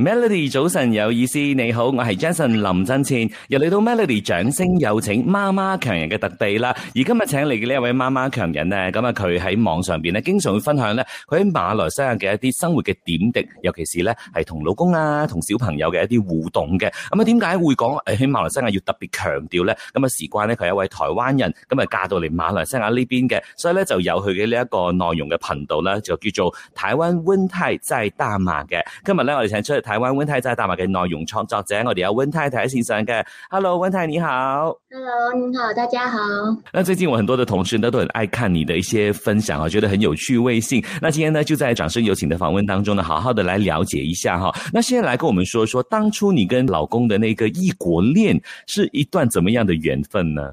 Melody 早晨有意思，你好，我係 Jason 林振前，又嚟到 Melody 掌聲有請媽媽強人嘅特地啦。而今日請嚟嘅呢位媽媽強人呢，咁啊佢喺網上邊咧，經常會分享呢，佢喺馬來西亞嘅一啲生活嘅點滴，尤其是呢，係同老公啊，同小朋友嘅一啲互動嘅。咁啊，點解會講喺馬來西亞要特別強調呢？咁啊，事關咧佢係一位台灣人，咁啊嫁到嚟馬來西亞呢邊嘅，所以呢，就有佢嘅呢一個內容嘅頻道咧，就叫做台灣溫太在大馬嘅。今日呢，我哋請出去台灣溫太在大馬嘅內容創作者，我哋有温太喺線上嘅。Hello，温太你好。Hello，你好，大家好。那最近我很多的同事呢都很愛看你的一些分享啊，覺得很有趣味性。那今天呢，就在掌聲有請的訪問當中呢，好好的來了解一下哈。那先來跟我們說說，當初你跟老公的那個異國戀，是一段怎麼樣的緣分呢？